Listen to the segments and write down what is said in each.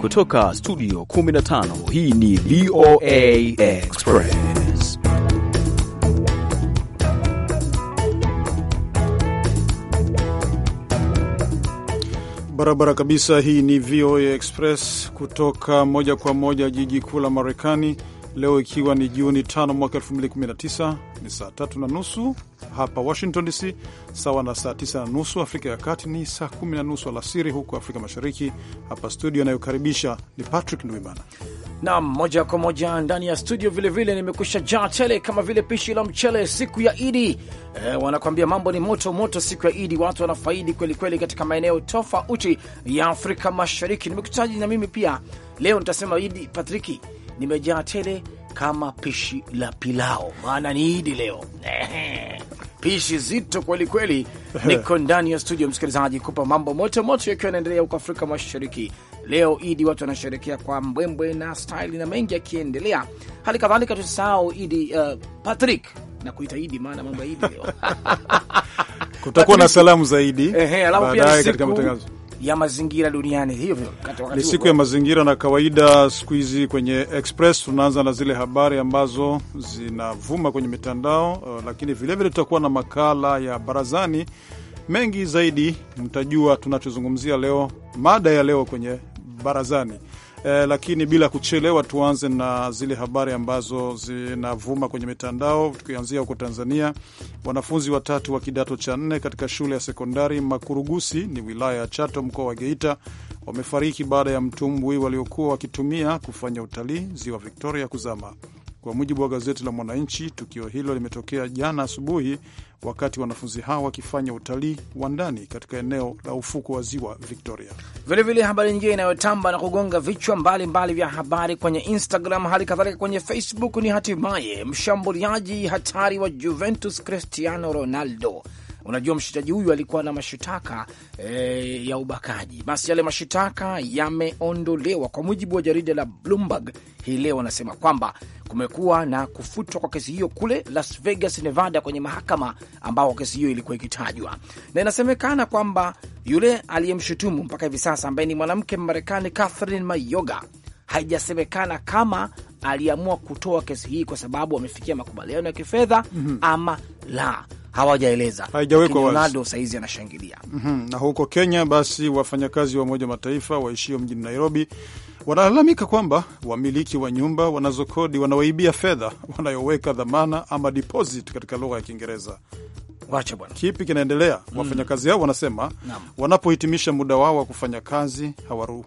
Kutoka studio 15 hii ni VOA Express. Barabara kabisa, hii ni VOA Express kutoka moja kwa moja jiji kuu la Marekani leo ikiwa ni Juni 5 mwaka 2019 ni saa tatu na nusu hapa Washington DC, sawa na saa tisa na nusu Afrika ya Kati, ni saa kumi na nusu alasiri huko Afrika Mashariki. Hapa studio anayokaribisha ni Patrick Ndwimana nam moja kwa moja ndani ya studio. Vilevile nimekusha jaa tele kama vile pishi la mchele siku ya Idi. E, wanakuambia mambo ni moto moto siku ya Idi, watu wanafaidi kwelikweli katika maeneo tofauti ya Afrika Mashariki. Nimekutaji na mimi pia leo nitasema Idi Patriki nimejaa tele kama pishi la pilao, maana ni Idi leo pishi zito kwelikweli. Niko ndani ya studio, msikilizaji, kupa mambo moto moto yakiwa yanaendelea huko Afrika Mashariki. Leo Idi watu wanasherekea kwa mbwembwe na staili na mengi yakiendelea. Hali kadhalika tusisahau Idi uh, Patrick na kuita Idi, maana mambo ya Idi leo kutakuwa na salamu zaidi ya mazingira duniani. Hivyo ni siku ya mazingira, na kawaida siku hizi kwenye Express tunaanza na zile habari ambazo zinavuma kwenye mitandao, uh, lakini vilevile tutakuwa na makala ya barazani. Mengi zaidi mtajua tunachozungumzia leo, mada ya leo kwenye barazani eh, lakini bila kuchelewa tuanze na zile habari ambazo zinavuma kwenye mitandao, tukianzia huko Tanzania. Wanafunzi watatu wa kidato cha nne katika shule ya sekondari Makurugusi ni wilaya ya Chato, mkoa wa Geita, wamefariki baada ya mtumbwi waliokuwa wakitumia kufanya utalii ziwa Victoria kuzama. Kwa mujibu wa gazeti la Mwananchi, tukio hilo limetokea jana asubuhi wakati wanafunzi hao wakifanya utalii wa ndani katika eneo la ufuko wa ziwa Victoria. Vilevile habari nyingine inayotamba na kugonga vichwa mbalimbali mbali vya habari kwenye Instagram, hali kadhalika kwenye Facebook ni hatimaye mshambuliaji hatari wa Juventus Cristiano Ronaldo Unajua, mshitaji huyu alikuwa na mashitaka e, ya ubakaji. Basi yale mashitaka yameondolewa kwa mujibu wa jarida la Bloomberg. Hii leo wanasema kwamba kumekuwa na kufutwa kwa kesi hiyo kule Las Vegas, Nevada, kwenye mahakama ambao kesi hiyo ilikuwa ikitajwa, na inasemekana kwamba yule aliyemshutumu mpaka hivi sasa ambaye ni mwanamke marekani Catherine Mayoga haijasemekana kama aliamua kutoa kesi hii kwa sababu wamefikia makubaliano ya kifedha mm -hmm. ama la hawajaeleza. Ronaldo sahizi anashangilia mm -hmm. na huko Kenya basi wafanyakazi wa Umoja Mataifa waishio mjini Nairobi wanalalamika kwamba wamiliki wa nyumba wanazokodi wanawaibia fedha wanayoweka dhamana ama deposit katika lugha ya Kiingereza. Wacha bwana, kipi kinaendelea? mm. Wafanyakazi hao wanasema wanapohitimisha muda wao wa kufanya kazi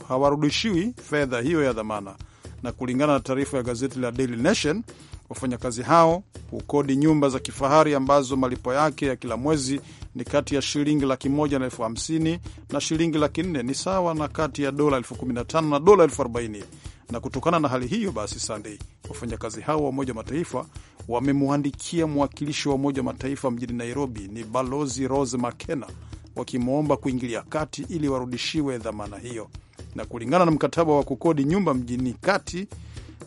hawarudishiwi fedha hiyo ya dhamana na kulingana na taarifa ya gazeti la Daily Nation, wafanyakazi hao hukodi nyumba za kifahari ambazo malipo yake ya kila mwezi ni kati ya shilingi laki moja na elfu hamsini na shilingi laki nne ni sawa na kati ya dola elfu kumi na tano na dola elfu arobaini na kutokana na hali hiyo basi, Sunday, wafanyakazi hao wa Umoja wa Mataifa wamemwandikia mwakilishi wa Umoja wa Mataifa mjini Nairobi, ni Balozi Rose Makena, wakimwomba kuingilia kati ili warudishiwe dhamana hiyo na kulingana na mkataba wa kukodi nyumba mjini kati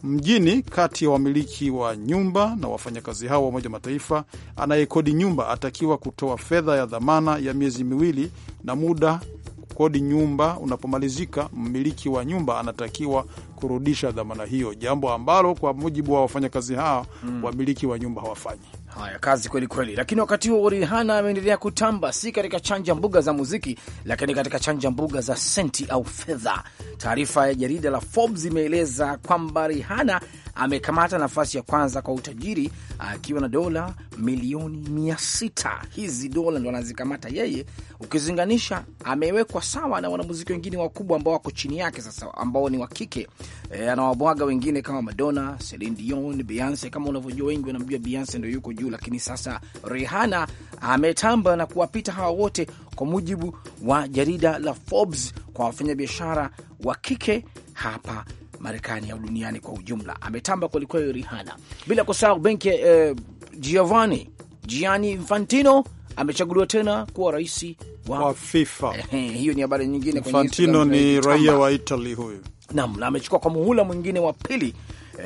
mjini kati ya wamiliki wa nyumba na wafanyakazi hao wa Umoja wa Mataifa, anayekodi nyumba atakiwa kutoa fedha ya dhamana ya miezi miwili, na muda kukodi nyumba unapomalizika, mmiliki wa nyumba anatakiwa kurudisha dhamana hiyo, jambo ambalo kwa mujibu wa wafanyakazi hao, mm, wamiliki wa nyumba hawafanyi. Haya, kazi kweli kweli. Lakini wakati huo Rihana ameendelea kutamba, si katika chanja mbuga za muziki, lakini katika chanja mbuga za senti au fedha. Taarifa ya jarida la Forbes imeeleza kwamba Rihana amekamata nafasi ya kwanza kwa utajiri akiwa na dola milioni mia sita. Hizi dola ndo anazikamata yeye, ukizinganisha amewekwa sawa na wanamuziki wengine wakubwa ambao wako chini yake sasa, ambao ni wa kike e, anawabwaga wengine kama Madonna, Celine Dion, Beyonce. Kama unavyojua wengi wanamjua Beyonce ndo yuko juu, lakini sasa Rihanna ametamba na kuwapita hawa wote kwa mujibu wa jarida la Forbes kwa wafanyabiashara wa kike hapa Marekani au duniani kwa ujumla. Ametamba kwelikweli rihana bila kusahau benki eh, Giovanni Gianni Infantino amechaguliwa tena kuwa rais wa, wa FIFA. Hiyo ni habari nyingine. Infantino ni raia wa Italy huyu, nam na amechukua kwa muhula mwingine wa pili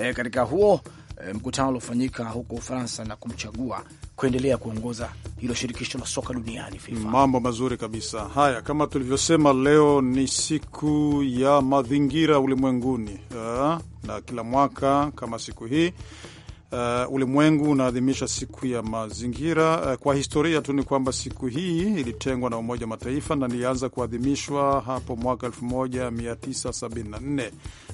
eh, katika huo Eh, mkutano uliofanyika huko Ufaransa na kumchagua kuendelea kuongoza hilo shirikisho la soka duniani FIFA. Mambo mazuri kabisa haya. Kama tulivyosema, leo ni siku ya mazingira ulimwenguni eh, na kila mwaka kama siku hii Uh, ulimwengu unaadhimisha siku ya mazingira. Uh, kwa historia tu ni kwamba siku hii ilitengwa na Umoja wa Mataifa na ilianza kuadhimishwa hapo mwaka 1974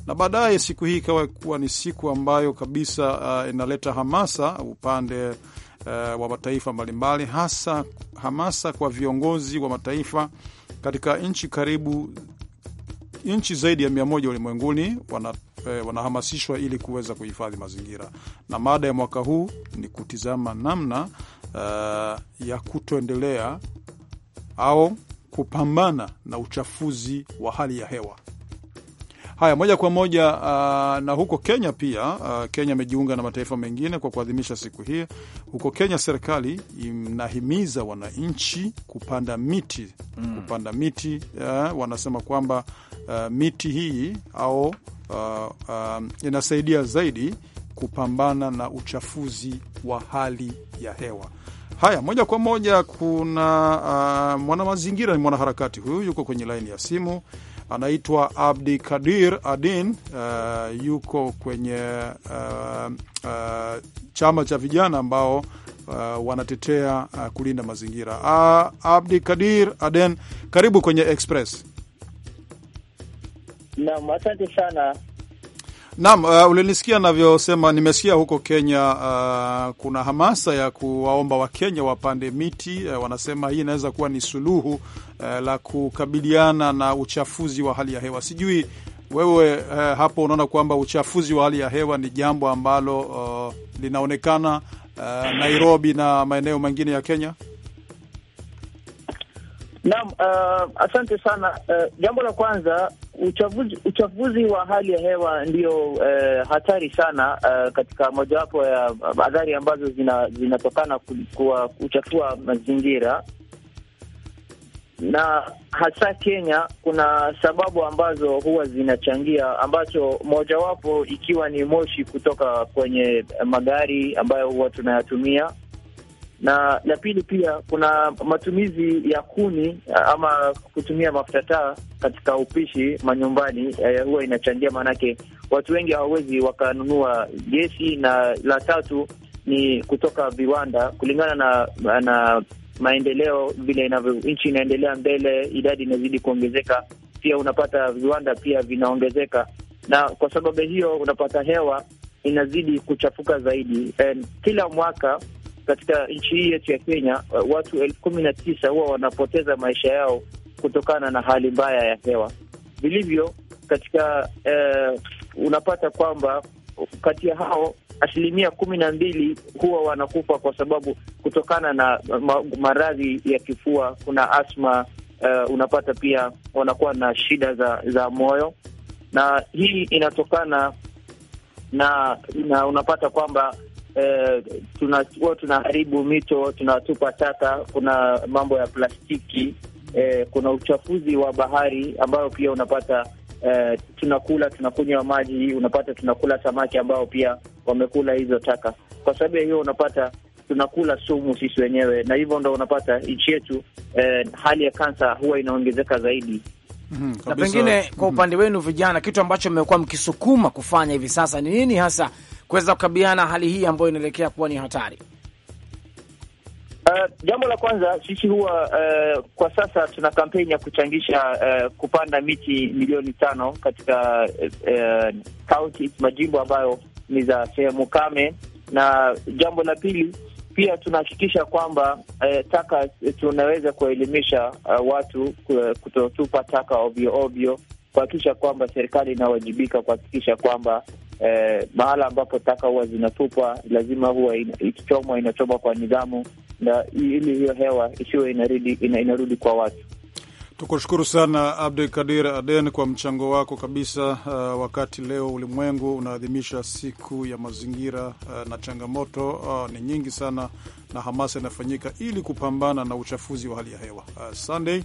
na baadaye siku hii ikawa kuwa ni siku ambayo kabisa uh, inaleta hamasa upande uh, wa mataifa mbalimbali, hasa hamasa kwa viongozi wa mataifa katika nchi karibu nchi zaidi ya mia moja ulimwenguni wana eh, wanahamasishwa ili kuweza kuhifadhi mazingira, na mada ya mwaka huu ni kutizama namna uh, ya kutoendelea au kupambana na uchafuzi wa hali ya hewa. Haya, moja kwa moja uh, na huko Kenya pia uh, Kenya amejiunga na mataifa mengine kwa kuadhimisha siku hii. Huko Kenya serikali inahimiza wananchi kupanda miti mm. kupanda miti uh, wanasema kwamba uh, miti hii au uh, uh, inasaidia zaidi kupambana na uchafuzi wa hali ya hewa. Haya, moja kwa moja kuna uh, mwanamazingira, ni mwanaharakati huyu, yuko kwenye laini ya simu anaitwa Abdi Kadir Adin uh, yuko kwenye uh, uh, chama cha vijana ambao uh, wanatetea uh, kulinda mazingira. Uh, Abdi Kadir Aden, karibu kwenye Express. Naam, asante sana. Naam, uh, ulinisikia navyosema. Nimesikia huko Kenya uh, kuna hamasa ya kuwaomba Wakenya wapande miti uh, wanasema hii inaweza kuwa ni suluhu uh, la kukabiliana na uchafuzi wa hali ya hewa. Sijui wewe uh, hapo unaona kwamba uchafuzi wa hali ya hewa ni jambo ambalo uh, linaonekana uh, Nairobi na maeneo mengine ya Kenya? Naam, uh, asante sana. Uh, jambo la kwanza uchafuzi, uchafuzi wa hali ya hewa ndiyo eh, hatari sana eh, katika mojawapo ya adhari ambazo zinatokana zina kuchafua mazingira na hasa Kenya, kuna sababu ambazo huwa zinachangia, ambacho mojawapo ikiwa ni moshi kutoka kwenye magari ambayo huwa tunayatumia na la pili pia kuna matumizi ya kuni eh, ama kutumia mafuta taa katika upishi manyumbani, eh, huwa inachangia, maanake watu wengi hawawezi wakanunua gesi, na la tatu ni kutoka viwanda, kulingana na na maendeleo vile inavyo nchi inaendelea mbele, idadi inazidi kuongezeka, pia unapata viwanda pia vinaongezeka, na kwa sababu hiyo unapata hewa inazidi kuchafuka zaidi. And kila mwaka katika nchi hii yetu ya Kenya, eh, watu elfu kumi na tisa huwa wanapoteza maisha yao kutokana na hali mbaya ya hewa. Vilivyo katika eh, unapata kwamba kati ya hao asilimia kumi na mbili huwa wanakufa kwa sababu kutokana na maradhi ya kifua. Kuna asma eh, unapata pia wanakuwa na shida za, za moyo, na hii inatokana na, na unapata kwamba eh, tunachukua tunaharibu mito, tunatupa taka, kuna mambo ya plastiki eh, kuna uchafuzi wa bahari ambayo pia unapata eh, tunakula tunakunywa maji, unapata tunakula samaki ambao pia wamekula hizo taka. Kwa sababu ya hiyo unapata tunakula sumu sisi wenyewe, na hivyo ndo unapata nchi yetu eh, hali ya kansa huwa inaongezeka zaidi. Mm -hmm, na pengine kwa mhm. upande wenu vijana, kitu ambacho mmekuwa mkisukuma kufanya hivi sasa ni nini hasa kuweza kukabiliana na hali hii ambayo inaelekea kuwa ni hatari? Uh, jambo la kwanza sisi huwa uh, kwa sasa tuna kampeni ya kuchangisha uh, kupanda miti milioni tano katika kaunti uh, uh, majimbo ambayo ni za sehemu kame, na jambo la pili pia tunahakikisha kwamba uh, taka tunaweza kuwaelimisha uh, watu uh, kutotupa taka ovyo ovyo, kuhakikisha kwamba serikali inawajibika kuhakikisha kwamba eh, mahala ambapo taka huwa zinatupwa lazima huwa in, ikichomwa inachomwa kwa nidhamu, na ili hiyo hewa isiwe inarudi, ina, inarudi kwa watu. Tukushukuru sana Abdul Kadir Aden kwa mchango wako kabisa. Uh, wakati leo ulimwengu unaadhimisha siku ya mazingira uh, na changamoto uh, ni nyingi sana, na hamasa inafanyika ili kupambana na uchafuzi wa hali ya hewa. Uh, Sunday,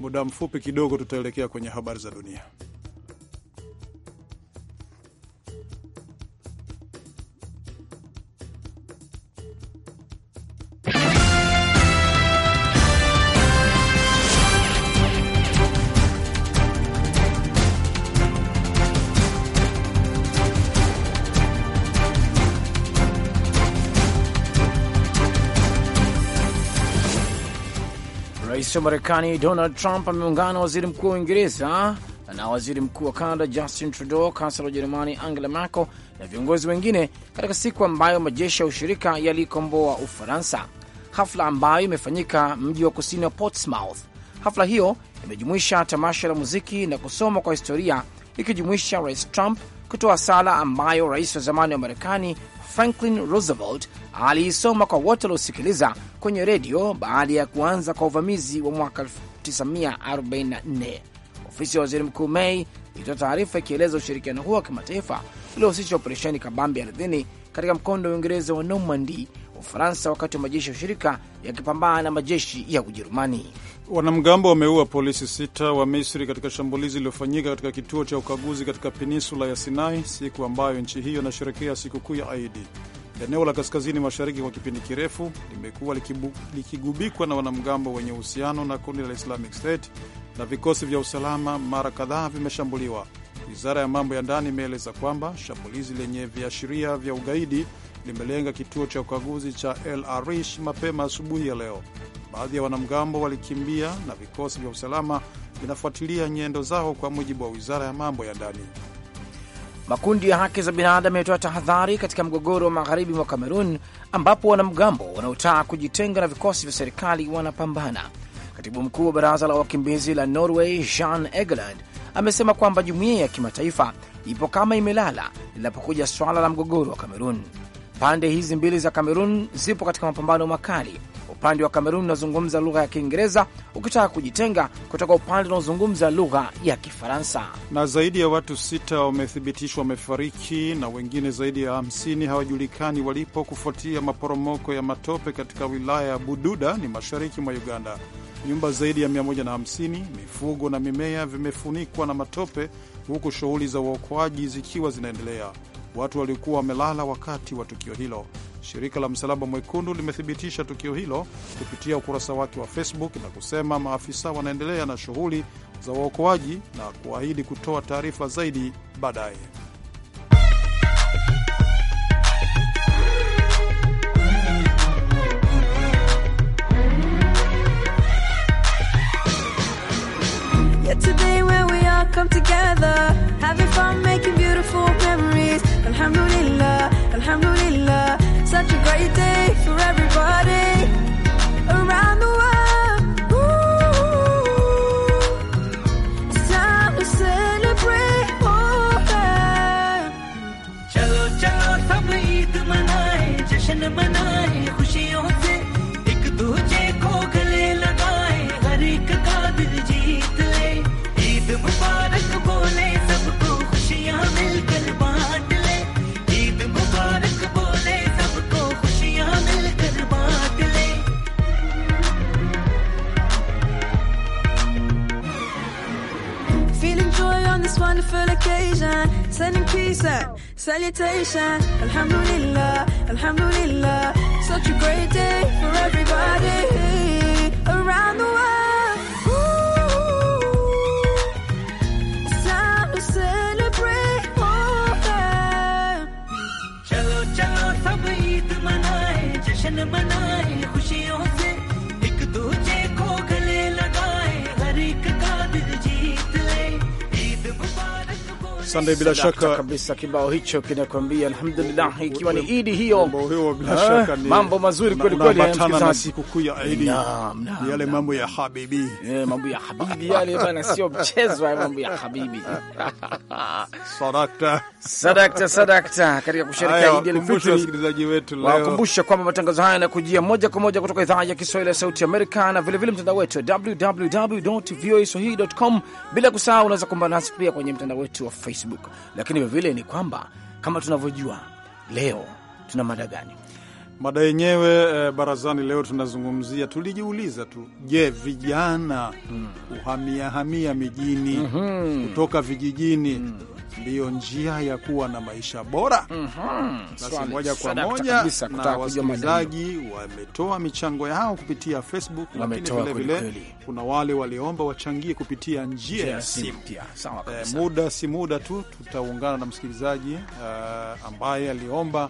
muda mfupi kidogo tutaelekea kwenye habari za dunia. wa Marekani Donald Trump ameungana na waziri mkuu wa Uingereza eh, na waziri mkuu wa Canada Justin Trudeau, kansela wa Ujerumani Angela Merkel na viongozi wengine katika siku ambayo majeshi ya ushirika yaliikomboa Ufaransa, hafla ambayo imefanyika mji wa kusini wa Portsmouth. Hafla hiyo imejumuisha tamasha la muziki na kusoma kwa historia, ikijumuisha Rais Trump kutoa sala ambayo rais wa zamani wa Marekani Franklin Roosevelt aliisoma kwa wote waliosikiliza kwenye redio baada ya kuanza kwa uvamizi wa mwaka 1944. Ofisi ya waziri mkuu May ilitoa taarifa ikieleza ushirikiano huo wa kimataifa uliohusisha operesheni kabambi ardhini katika mkondo wa Uingereza wa Normandy Ufaransa wakati wa majeshi ya ushirika yakipambana na majeshi ya Ujerumani. Wanamgambo wameua polisi sita wa Misri katika shambulizi lililofanyika katika kituo cha ukaguzi katika peninsula ya Sinai, siku ambayo nchi hiyo inasherekea sikukuu ya Aidi. Eneo la kaskazini mashariki kwa kipindi kirefu limekuwa likigubikwa na wanamgambo wenye uhusiano na kundi la Islamic State na vikosi vya usalama mara kadhaa vimeshambuliwa. Wizara ya mambo ya ndani imeeleza kwamba shambulizi lenye viashiria vya ugaidi limelenga kituo cha ukaguzi cha El Arish mapema asubuhi ya leo. Baadhi ya wanamgambo walikimbia na vikosi vya usalama vinafuatilia nyendo zao, kwa mujibu wa wizara ya mambo ya ndani. Makundi ya haki za binadamu yametoa tahadhari katika mgogoro wa magharibi mwa Kamerun, ambapo wanamgambo wanaotaka kujitenga na vikosi vya serikali wanapambana. Katibu mkuu wa baraza la wakimbizi la Norway Jean Egeland amesema kwamba jumuiya ya kimataifa ipo kama imelala linapokuja swala la mgogoro wa Kamerun. Pande hizi mbili za Kamerun zipo katika mapambano makali. Upande wa Kamerun unazungumza lugha ya Kiingereza ukitaka kujitenga kutoka upande unaozungumza lugha ya Kifaransa. Na zaidi ya watu sita wamethibitishwa wamefariki na wengine zaidi ya hamsini hawajulikani walipo kufuatia maporomoko ya matope katika wilaya ya Bududa ni mashariki mwa Uganda. Nyumba zaidi ya 150, mifugo na mimea vimefunikwa na matope, huku shughuli za uokoaji zikiwa zinaendelea watu waliokuwa wamelala wakati wa tukio hilo. Shirika la Msalaba Mwekundu limethibitisha tukio hilo kupitia ukurasa wake wa Facebook na kusema maafisa wanaendelea na shughuli za waokoaji na kuahidi kutoa taarifa zaidi baadaye. Yeah, Alhamdulillah, Alhamdulillah, such a great day for everybody around the world. الدنيا Alhamdulillah, Such a great day for everybody around the world Ooh, time to celebrate all of them चलो चलो सब ईद मनाए जश्न Sande, bila shaka kabisa, kibao hicho kinakwambia alhamdulillah, ikiwa ni Idi hiyo, mambo eh, mazuri kweli kweli, na sikukuu ya Idi, yale mambo ya habibi, eh, mambo ya habibi yale bana, sio mchezo ya mambo ya habibi. Sadakta, sadakta, sadakta, katika kusherehekea Idi al-Fitri, wasikilizaji wetu leo wakumbusha kwamba matangazo haya yanakujia moja kwa moja kutoka idhaa ya Kiswahili ya Sauti ya Amerika na vile vile mtandao wetu www.voaswahili.com, bila kusahau unaweza kumbana nasi pia kwenye mtandao wetu wa Facebook. Facebook. Lakini vivile ni kwamba kama tunavyojua leo tuna mada gani? Mada yenyewe eh, barazani leo tunazungumzia, tulijiuliza tu, je, vijana mm. uhamiahamia mijini mm -hmm. kutoka vijijini mm. ndiyo njia ya kuwa na maisha bora? mm -hmm. Basi moja kwa moja na wasikilizaji wametoa michango yao kupitia Facebook, lakini vilevile kuna wale waliomba wachangie kupitia njia ya simu. Eh, muda si muda tu tutaungana na msikilizaji uh, ambaye aliomba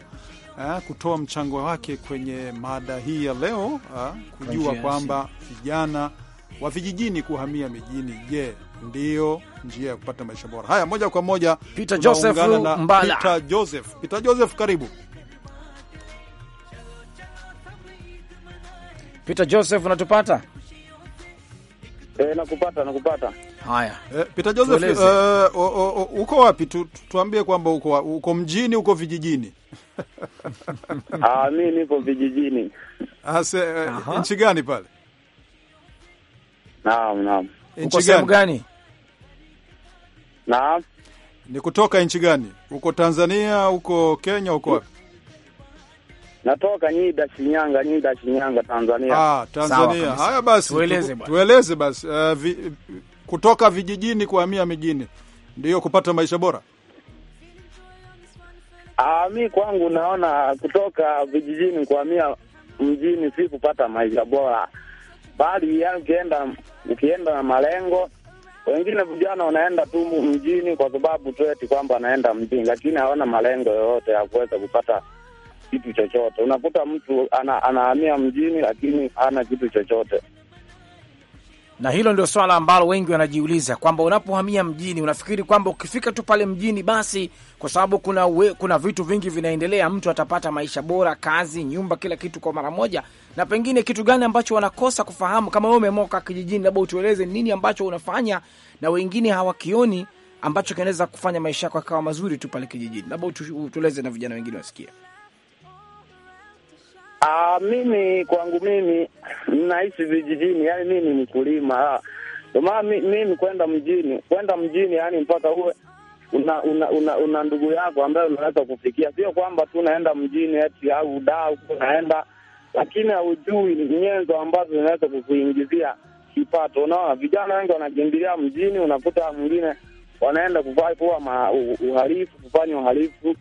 uh, kutoa mchango wake kwenye mada hii ya leo uh, kujua kwamba vijana wa vijijini kuhamia mijini, je, ndio njia ya kupata maisha bora? Haya, moja kwa moja Peter Joseph Mbala. Peter Joseph, Peter Joseph, karibu Peter Joseph, unatupata? E, nakupata, nakupata. Haya, eh, Pita Joseph, uh, uh, uko wapi? tu, tuambie kwamba uko uko mjini, uko vijijini? Ah, mimi niko vijijini. Ase ah, eh, nchi gani pale? Naam, naam. Nchi sehemu gani? Naam. Ni kutoka nchi gani? Uko Tanzania, uko Kenya, uko wapi? Natoka Nyida, Shinyanga. Nyida, Shinyanga, Tanzania. Ah, Tanzania. Haya basi, tueleze basi. Uh, vi, kutoka vijijini kuhamia mijini ndiyo kupata maisha bora? Ah, mi kwangu naona kutoka vijijini kuhamia mjini si kupata maisha bora, bali ukienda ukienda na malengo. Wengine vijana wanaenda tu mjini kwa sababu tu eti kwamba anaenda mjini, lakini hawana malengo yoyote ya kuweza kupata kitu chochote. Unakuta mtu ana, anahamia mjini lakini hana kitu chochote na hilo ndio swala ambalo wengi wanajiuliza kwamba unapohamia mjini unafikiri kwamba ukifika tu pale mjini basi, kwa sababu kuna, we, kuna vitu vingi vinaendelea, mtu atapata maisha bora, kazi, nyumba, kila kitu kwa mara moja. Na pengine kitu gani ambacho wanakosa kufahamu? Kama wewe umemoka kijijini, labda utueleze nini ambacho unafanya na wengine hawakioni ambacho kinaweza kufanya maisha yako yakawa mazuri tu pale kijijini, labda utueleze na vijana wengine wasikia. Aa, ah, mimi kwangu mimi naishi vijijini, yani mimi ni mkulima, ah, ndio maana mimi kwenda mjini, kwenda mjini yani mpaka uwe una una, una, una ndugu yako ambaye unaweza kufikia, sio kwamba tu naenda mjini eti au da unaenda, lakini haujui nyenzo ambazo zinaweza kukuingizia kipato. Unaona, vijana wengi wanakimbilia mjini, unakuta mwingine wanaenda kufanya kuwa uhalifu, kufanya uhalifu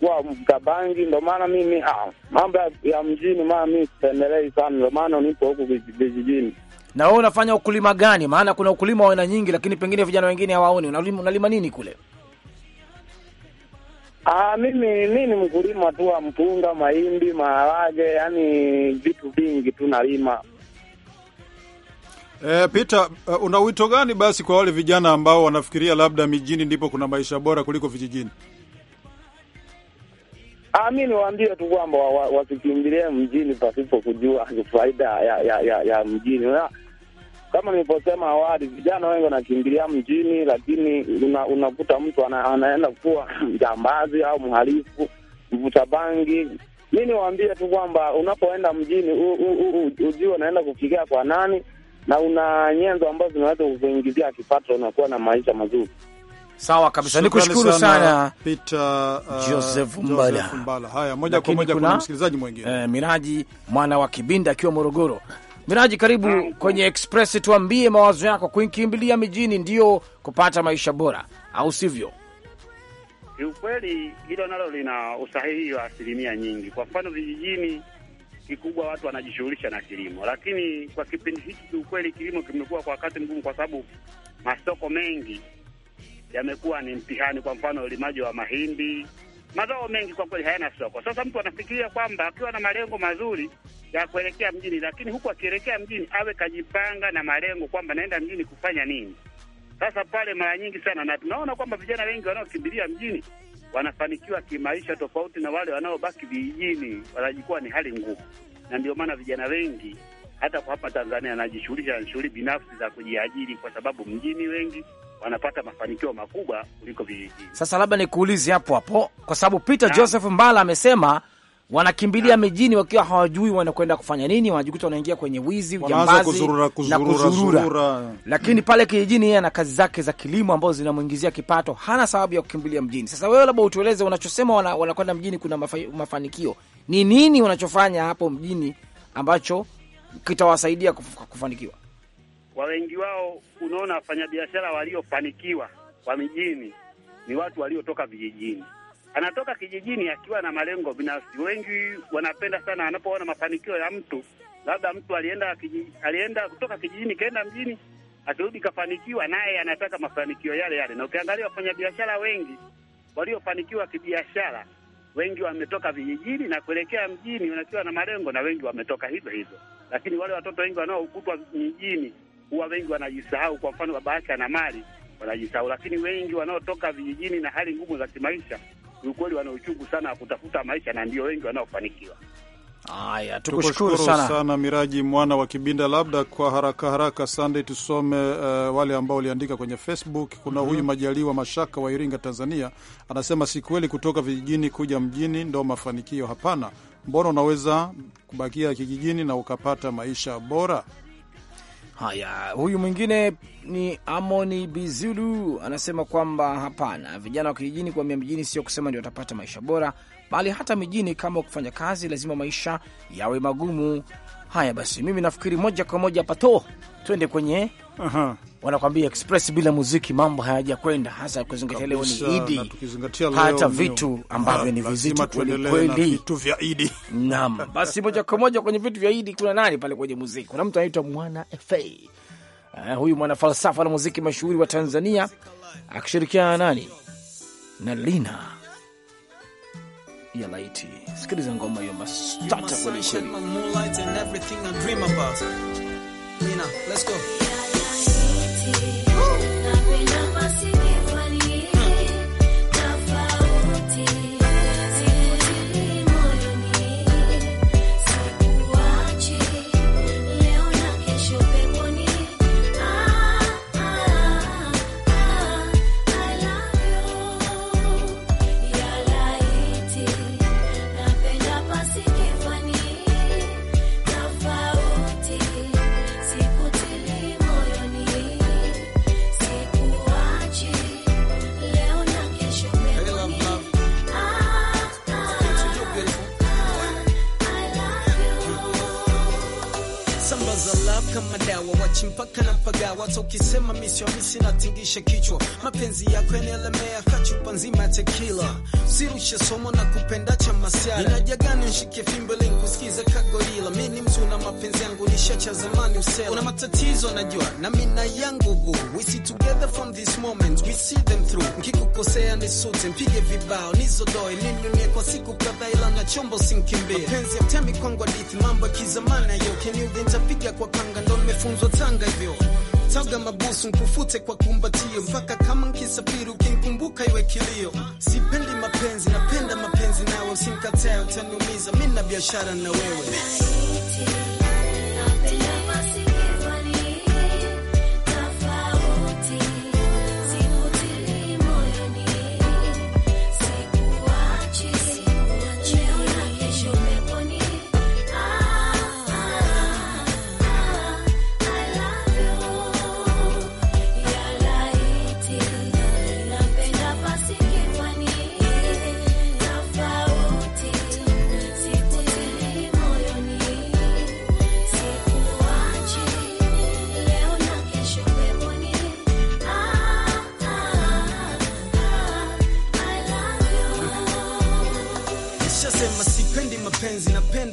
kuwa mkabangi. Ndo maana mimi ah, mambo ya mjini, maana mimi sipendelei sana, ndo maana nipo huku vijijini. Na wewe unafanya ukulima gani? Maana kuna ukulima wa aina nyingi, lakini pengine vijana wengine hawaoni. Unalima, unalima nini kule? Ah, mimi mi ni mkulima tu wa mpunga, mahindi, maharage, yani vitu vingi tu nalima. E, Peter, eh, una wito gani basi kwa wale vijana ambao wanafikiria labda mijini ndipo kuna maisha bora kuliko vijijini? Ah, mi niwaambie tu kwamba wasikimbilie wa, wa mjini pasipo kujua faida ya, ya, ya, ya mjini na, kama nilivyosema awali, vijana wengi wanakimbilia mjini, lakini una, unakuta mtu ana, anaenda kuwa jambazi au mhalifu, mvuta bangi. Mi niwaambie tu kwamba unapoenda mjini ujue unaenda kufikia kwa nani, na una nyenzo ambazo zinaweza kukuingizia kipato, unakuwa na maisha mazuri. Sawa kabisa, nikushukuru sana Peter uh, Joseph Mbala. Mbala. Haya, moja kwa moja kuna msikilizaji mwingine eh, Miraji mwana wa Kibinda akiwa Morogoro. Miraji, karibu kwenye Express, tuambie mawazo yako. Kuikimbilia mijini ndio kupata maisha bora, au sivyo? Kiukweli hilo nalo lina usahihi wa asilimia nyingi. Kwa mfano, vijijini kikubwa watu wanajishughulisha na kilimo, lakini kwa kipindi hiki kiukweli kilimo kimekuwa kwa wakati mgumu, kwa sababu masoko mengi yamekuwa ni mtihani. Kwa mfano, ulimaji wa mahindi, mazao mengi kwa kweli hayana soko. Sasa mtu anafikiria kwamba akiwa na malengo mazuri ya kuelekea mjini, lakini huku akielekea mjini awe kajipanga na malengo kwamba naenda mjini kufanya nini. Sasa pale mara nyingi sana, na tunaona kwamba vijana wengi wanaokimbilia mjini wanafanikiwa kimaisha, tofauti na wale wanaobaki vijijini, wanajikuwa ni hali ngumu, na ndio maana vijana wengi hata kwa hapa Tanzania anajishughulisha na shughuli binafsi za kujiajiri, kwa sababu mjini wengi wanapata mafanikio makubwa kuliko vijijini. Sasa labda nikuulize hapo hapo, kwa sababu Peter na Joseph Mbala amesema wanakimbilia mijini wakiwa hawajui wanakwenda kufanya nini, wanajikuta wanaingia kwenye wizi, ujambazi kuzurura, kuzurura, na kuzurura, kuzurura. Lakini pale kijijini yeye ana kazi zake za kilimo ambazo zinamwingizia kipato, hana sababu ya kukimbilia mjini. Sasa wewe labda utueleze unachosema wana, wanakwenda mjini kuna mafa, mafanikio ni nini wanachofanya hapo mjini ambacho kitawasaidia kuf, kufanikiwa? kwa wengi wao, unaona wafanyabiashara waliofanikiwa wa mijini ni watu waliotoka vijijini. Anatoka kijijini akiwa na malengo binafsi. Wengi wanapenda sana wanapoona mafanikio ya mtu, labda mtu alienda kijiji, alienda kutoka kijijini kaenda mjini, akirudi kafanikiwa, naye anataka mafanikio yale yale. Na ukiangalia wafanyabiashara wengi waliofanikiwa kibiashara, wengi wametoka vijijini na kuelekea mjini, wanakiwa na malengo, na wengi wametoka hivyo hivyo. Lakini wale watoto wengi wanaokutwa mijini huwa wengi wanajisahau. Kwa mfano, baba yake ana mali, wanajisahau. Lakini wengi wanaotoka vijijini na hali ngumu za kimaisha, kiukweli, wana uchungu sana wa kutafuta maisha, na ndio wengi wanaofanikiwa. Haya, tukushukuru sana. sana Miraji mwana wa Kibinda. Labda kwa haraka haraka, Sunday tusome uh, wale ambao waliandika kwenye Facebook. Kuna mm -hmm. huyu mhm. Majaliwa Mashaka wa Iringa, Tanzania, anasema si kweli kutoka vijijini kuja mjini ndo mafanikio. Hapana, mbona unaweza kubakia kijijini na ukapata maisha bora? Haya, huyu mwingine ni Amoni Bizulu anasema kwamba hapana, vijana wa kijijini kuhamia mjini sio kusema ndio watapata maisha bora, bali hata mijini kama kufanya kazi lazima maisha yawe magumu. Haya basi, mimi nafikiri moja kwa moja pato twende kwenye uh -huh wanakwambia express bila muziki mambo hayajakwenda, hasa kuzingatia leo ni Idi, hata vitu ambavyo ni ah, vizito kweli kweli, vitu vya Idi. Naam, basi moja kwa moja kwenye vitu vya Idi kuna nani pale kwenye muziki? Kuna mtu anaitwa Mwana FA. Uh, ah, huyu mwana falsafa na muziki mashuhuri wa Tanzania akishirikiana nani na Lina ya laiti. Sikiliza ngoma hiyo mastata kweli kweli napenda basi watu ukisema misio misi natingisha kichwa, mapenzi yako yanaelemea kachupa nzima ya tekila, sirushe somo na kupenda cha masiara gani, nshike fimbo lenye kusikiza kagorila, mi ni mtu na mapenzi yangu nisha cha zamani usela, una matatizo najua na mina yangu go, we see together from this moment we see them through, nkikukosea sute mpige vibao nizodoe ninunie kwa siku kadhaa, ila na chombo sinkimbia mapenzi yatemi kwangu adithi mambo ya kizamani ayo kenyudhi ntapiga kwa kanga ndo nimefunzwa Tanga hivyo taga mabusu nkufute kwa kumbatio, mpaka kama nkisafiri ukinkumbuka iwe kilio. Sipendi mapenzi, napenda mapenzi nawe, usimkatae utaniumiza, mimi na biashara na wewe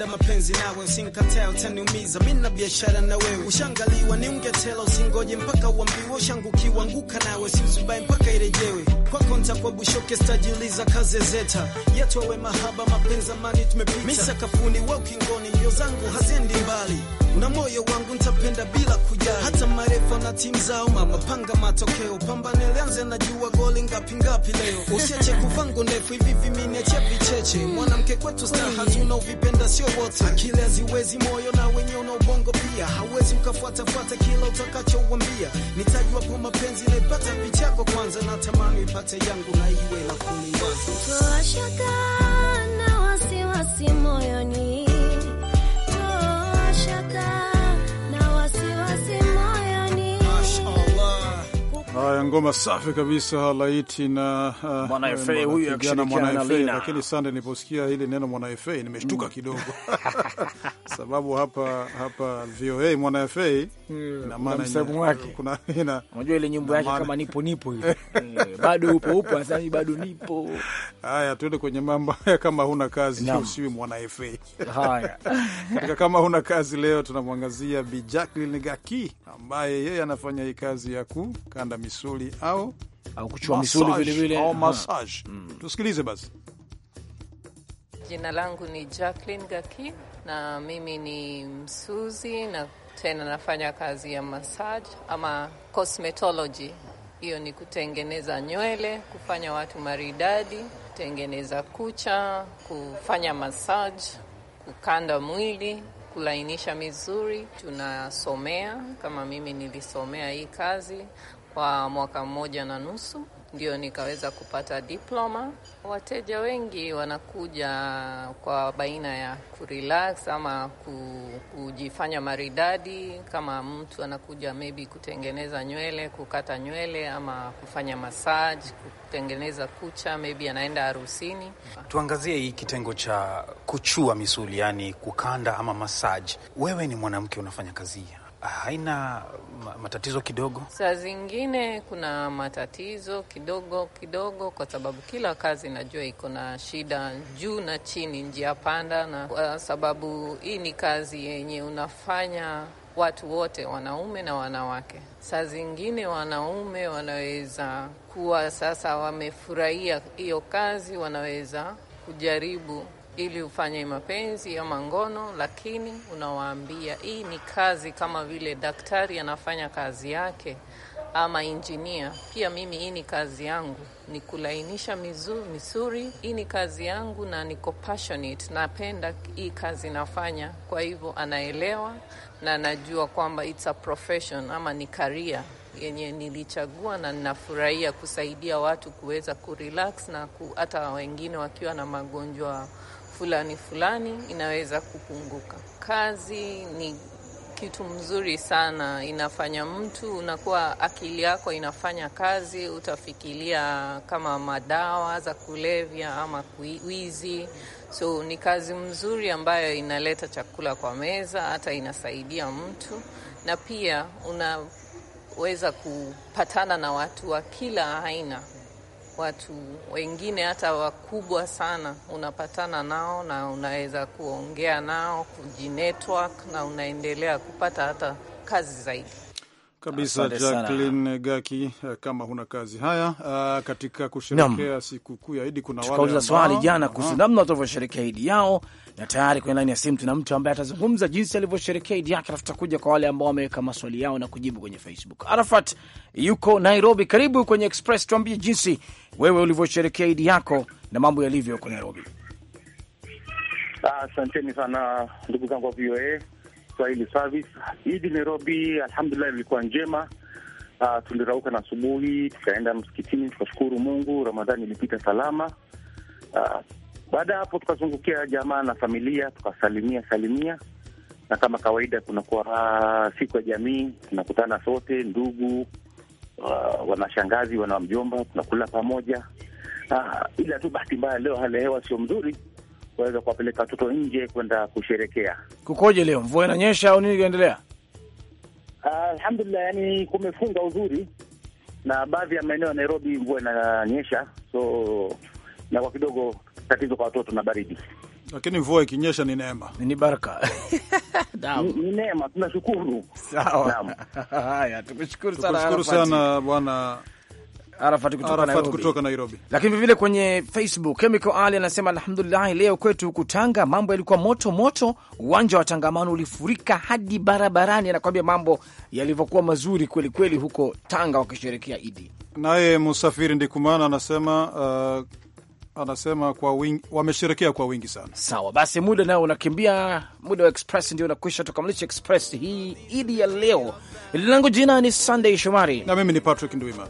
napenda mapenzi nawe, usinikataa utaniumiza, mimi na biashara na wewe. Ushangaliwa ni ungetela, usingoje mpaka uambiwe, ushangukiwa nguka nawe, siuzubai mpaka irejewe kwako ntakuabushoke stajiuliza kazezeta yatwawe mahaba mapenzi amani tumepita misakafuni wa ukingoni nyo zangu haziendi mbali na moyo wangu ntapenda bila kujali hata marefa na timu zao mama panga matokeo pambane lianze na jua goli ngapi ngapi leo usiache kuvangu ndefu hivi viminiache vicheche mwanamke kwetu star hatuna uvipenda sio wote akili haziwezi moyo na wenye una ubongo pia hauwezi ukafuatafuata kila utakachouambia nitajua kwa mapenzi naipata picha yako kwanza tamani ipate mate yangu na iwe na kuniwaza, toa shaka na wasiwasi moyoni Haya, ngoma safi kabisa laiti na uh, ah, mwanaefe Lakini sande, niliposikia hili neno mwanaefe nimeshtuka mm. kidogo sababu hapa hapa VOA Mwana FA eh, ina maana msemo wake, kuna ina unajua ile nyimbo yake kama nipo nipo ile eh, bado upo upo, sasa bado nipo. Haya, tuende kwenye mambo haya. kama huna kazi usiwi Mwana FA. Haya, katika kama huna kazi leo tunamwangazia Bi Jacqueline Gaki ambaye yeye anafanya hii kazi ya kukanda misuli au au kuchua misuli vile vile au massage. Mm. Tusikilize basi. Jina langu ni Jacqueline Gaki na mimi ni msuzi na tena nafanya kazi ya massage ama cosmetology. Hiyo ni kutengeneza nywele, kufanya watu maridadi, kutengeneza kucha, kufanya massage, kukanda mwili, kulainisha mizuri. Tunasomea kama mimi nilisomea hii kazi kwa mwaka mmoja na nusu ndio nikaweza kupata diploma. Wateja wengi wanakuja kwa baina ya kurelax ama kujifanya maridadi, kama mtu anakuja maybe kutengeneza nywele, kukata nywele ama kufanya massage, kutengeneza kucha, maybe anaenda harusini. Tuangazie hii kitengo cha kuchua misuli, yani kukanda ama massage. Wewe ni mwanamke unafanya kazi hii haina matatizo kidogo? Saa zingine kuna matatizo kidogo kidogo, kwa sababu kila kazi najua iko na shida juu na chini, njia panda, na kwa sababu hii ni kazi yenye unafanya watu wote, wanaume na wanawake. Saa zingine wanaume wanaweza kuwa sasa wamefurahia hiyo kazi, wanaweza kujaribu ili ufanye mapenzi ama ngono, lakini unawaambia hii ni kazi kama vile daktari anafanya kazi yake ama injinia. Pia mimi hii ni kazi yangu, ni kulainisha mizu, misuri. Hii ni kazi yangu na niko passionate, napenda hii kazi nafanya. Kwa hivyo anaelewa na anajua kwamba it's a profession ama ni career yenye nilichagua na ninafurahia kusaidia watu kuweza kurelax na hata wengine wakiwa na magonjwa fulani fulani inaweza kupunguka. Kazi ni kitu mzuri sana, inafanya mtu unakuwa, akili yako inafanya kazi, utafikiria kama madawa za kulevya ama wizi. So ni kazi mzuri ambayo inaleta chakula kwa meza, hata inasaidia mtu, na pia unaweza kupatana na watu wa kila aina watu wengine hata wakubwa sana unapatana nao na unaweza kuongea nao kujinetwork na unaendelea kupata hata kazi zaidi kabisa. Jacqueline Gaki, kama huna kazi. Haya, ah, katika kusherekea sikukuu ya Idi kuna wale swali jana kuhusu namna watavyosherekea Idi yao na tayari kwenye laini ya simu tuna mtu ambaye atazungumza jinsi alivyosherekea Idi yake, alafu tutakuja kwa wale ambao wameweka maswali yao na kujibu kwenye Facebook. Arafat yuko Nairobi, karibu kwenye Express. Tuambie jinsi wewe ulivyosherekea Idi yako na mambo yalivyo huko Nairobi. Asanteni ah, sana ndugu zangu wa VOA Swahili Service. Idi Nairobi, alhamdulillah, ilikuwa njema. Ah, tulirauka na asubuhi tukaenda msikitini tukashukuru Mungu. Ramadhani ilipita salama. ah, baada ya hapo, tukazungukia jamaa na familia, tukasalimia salimia, na kama kawaida kunakuwa ah, siku ya jamii, tunakutana sote ndugu, uh, wanashangazi, wana mjomba, tunakula pamoja. uh, ila tu bahati mbaya leo hali ya hewa sio mzuri kuweza kuwapeleka watoto nje kwenda kusherekea. Kukoje leo, mvua inanyesha au nini inaendelea? Uh, alhamdulillah, yani kumefunga uzuri, na baadhi ya maeneo ya Nairobi mvua inanyesha, so na kwa kidogo tatizo kwa watoto na baridi, lakini mvua ikinyesha ni neema, ni baraka ni neema, tunashukuru. Sawa, haya, tukushukuru sana, tukushukuru sana bwana Arafat kutoka, Arafat Nairobi. kutoka Nairobi. Lakini vile kwenye Facebook Chemical Ali anasema alhamdulillah, leo kwetu huku Tanga mambo yalikuwa moto moto, uwanja wa Tangamano ulifurika hadi barabarani. Anakwambia mambo yalivyokuwa mazuri kweli kweli huko Tanga wakisherekea Idi. Naye Musafiri Ndikumana anasema uh, anasema kwa wingi, wamesherekea kwa wingi sana. Sawa basi, muda nao unakimbia, muda wa Express ndio unakwisha. Tukamilisha Express hii idi ya leo. Langu jina ni Sunday Shomari na mimi ni Patrick Ndwima.